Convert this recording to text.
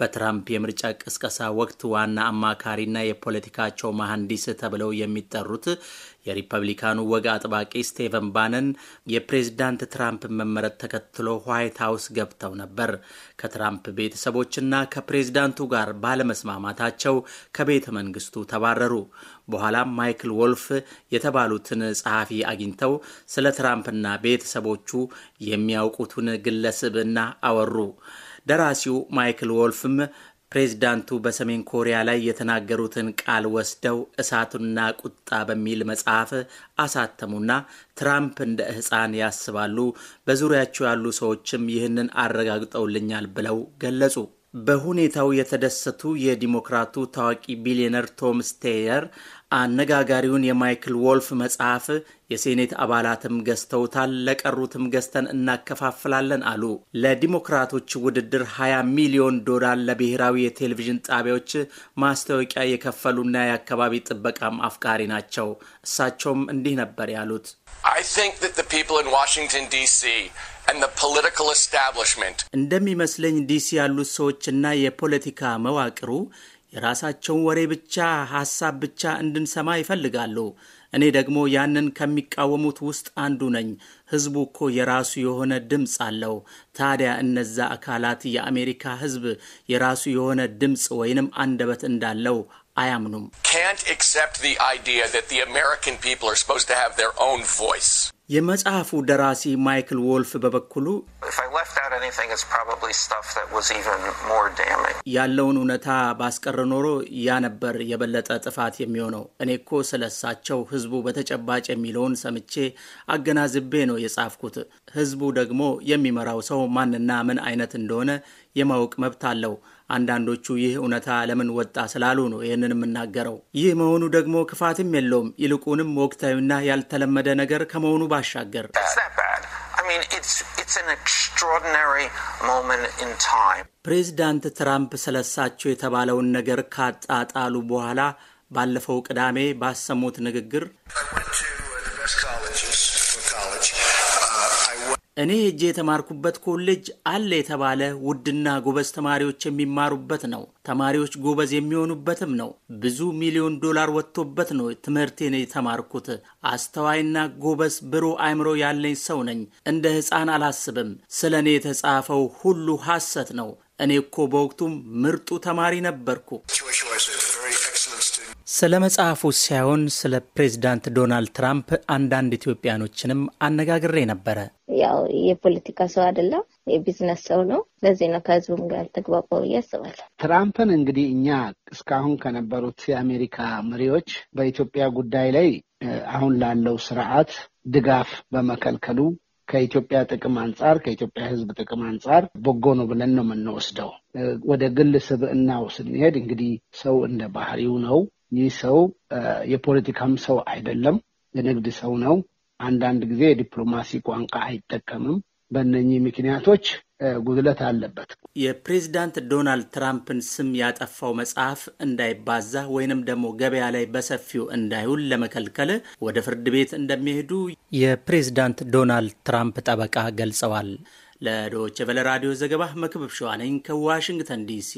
በትራምፕ የምርጫ ቅስቀሳ ወቅት ዋና አማካሪና የፖለቲካቸው መሐንዲስ ተብለው የሚጠሩት የሪፐብሊካኑ ወግ አጥባቂ ስቴቨን ባነን የፕሬዝዳንት ትራምፕ መመረጥ ተከትሎ ዋይት ሀውስ ገብተው ነበር። ከትራምፕ ቤተሰቦችና ከፕሬዝዳንቱ ጋር ባለመስማማታቸው ከቤተ መንግስቱ ተባረሩ። በኋላም ማይክል ወልፍ የተባሉትን ጸሐፊ አግኝተው ስለ ትራምፕና ቤተሰቦቹ የሚያውቁትን ግለሰብና አወሩ። ደራሲው ማይክል ወልፍም ፕሬዚዳንቱ በሰሜን ኮሪያ ላይ የተናገሩትን ቃል ወስደው እሳቱና ቁጣ በሚል መጽሐፍ አሳተሙና ትራምፕ እንደ ሕፃን ያስባሉ፣ በዙሪያቸው ያሉ ሰዎችም ይህንን አረጋግጠውልኛል ብለው ገለጹ። በሁኔታው የተደሰቱ የዲሞክራቱ ታዋቂ ቢሊዮነር ቶም ስቴየር አነጋጋሪውን የማይክል ዎልፍ መጽሐፍ የሴኔት አባላትም ገዝተውታል፣ ለቀሩትም ገዝተን እናከፋፍላለን አሉ። ለዲሞክራቶች ውድድር 20 ሚሊዮን ዶላር ለብሔራዊ የቴሌቪዥን ጣቢያዎች ማስታወቂያ የከፈሉና የአካባቢ ጥበቃም አፍቃሪ ናቸው። እሳቸውም እንዲህ ነበር ያሉት እንደሚመስለኝ ዲሲ ያሉት ሰዎችና የፖለቲካ መዋቅሩ የራሳቸውን ወሬ ብቻ፣ ሐሳብ ብቻ እንድንሰማ ይፈልጋሉ። እኔ ደግሞ ያንን ከሚቃወሙት ውስጥ አንዱ ነኝ። ሕዝቡ እኮ የራሱ የሆነ ድምፅ አለው። ታዲያ እነዛ አካላት የአሜሪካ ሕዝብ የራሱ የሆነ ድምፅ ወይንም አንደበት እንዳለው አያምኑም። የመጽሐፉ ደራሲ ማይክል ወልፍ በበኩሉ ያለውን እውነታ ባስቀር ኖሮ ያ ነበር የበለጠ ጥፋት የሚሆነው። እኔ እኮ ስለሳቸው ህዝቡ በተጨባጭ የሚለውን ሰምቼ አገናዝቤ ነው የጻፍኩት። ህዝቡ ደግሞ የሚመራው ሰው ማንና ምን አይነት እንደሆነ የማወቅ መብት አለው። አንዳንዶቹ ይህ እውነታ ለምን ወጣ ስላሉ ነው ይህንን የምናገረው። ይህ መሆኑ ደግሞ ክፋትም የለውም፣ ይልቁንም ወቅታዊና ያልተለመደ ነገር ከመሆኑ ባሻገር ፕሬዚዳንት ትራምፕ ስለሳቸው የተባለውን ነገር ካጣጣሉ በኋላ ባለፈው ቅዳሜ ባሰሙት ንግግር እኔ ሄጄ የተማርኩበት ኮሌጅ አለ የተባለ ውድና ጎበዝ ተማሪዎች የሚማሩበት ነው። ተማሪዎች ጎበዝ የሚሆኑበትም ነው። ብዙ ሚሊዮን ዶላር ወጥቶበት ነው ትምህርቴን የተማርኩት። አስተዋይና ጎበዝ ብሩህ አእምሮ ያለኝ ሰው ነኝ። እንደ ሕፃን አላስብም። ስለ እኔ የተጻፈው ሁሉ ሐሰት ነው። እኔ እኮ በወቅቱም ምርጡ ተማሪ ነበርኩ። ስለ መጽሐፉ ሳይሆን ስለ ፕሬዚዳንት ዶናልድ ትራምፕ አንዳንድ ኢትዮጵያኖችንም አነጋግሬ ነበረ። ያው የፖለቲካ ሰው አይደለም፣ የቢዝነስ ሰው ነው። ለዚህ ነው ከህዝቡም ጋር ተግባባው ብዬ አስባለሁ። ትራምፕን እንግዲህ እኛ እስካሁን ከነበሩት የአሜሪካ መሪዎች በኢትዮጵያ ጉዳይ ላይ አሁን ላለው ስርዓት ድጋፍ በመከልከሉ ከኢትዮጵያ ጥቅም አንጻር ከኢትዮጵያ ሕዝብ ጥቅም አንጻር በጎ ነው ብለን ነው የምንወስደው። ወደ ግል ስብዕናው ስንሄድ እንግዲህ ሰው እንደ ባህሪው ነው። ይህ ሰው የፖለቲካም ሰው አይደለም፣ የንግድ ሰው ነው። አንዳንድ ጊዜ የዲፕሎማሲ ቋንቋ አይጠቀምም። በእነኚህ ምክንያቶች ጉድለት አለበት። የፕሬዚዳንት ዶናልድ ትራምፕን ስም ያጠፋው መጽሐፍ እንዳይባዛ ወይንም ደግሞ ገበያ ላይ በሰፊው እንዳይውል ለመከልከል ወደ ፍርድ ቤት እንደሚሄዱ የፕሬዚዳንት ዶናልድ ትራምፕ ጠበቃ ገልጸዋል። ለዶይቼ ቬለ ራዲዮ ዘገባ መክብብ ሸዋነኝ ከዋሽንግተን ዲሲ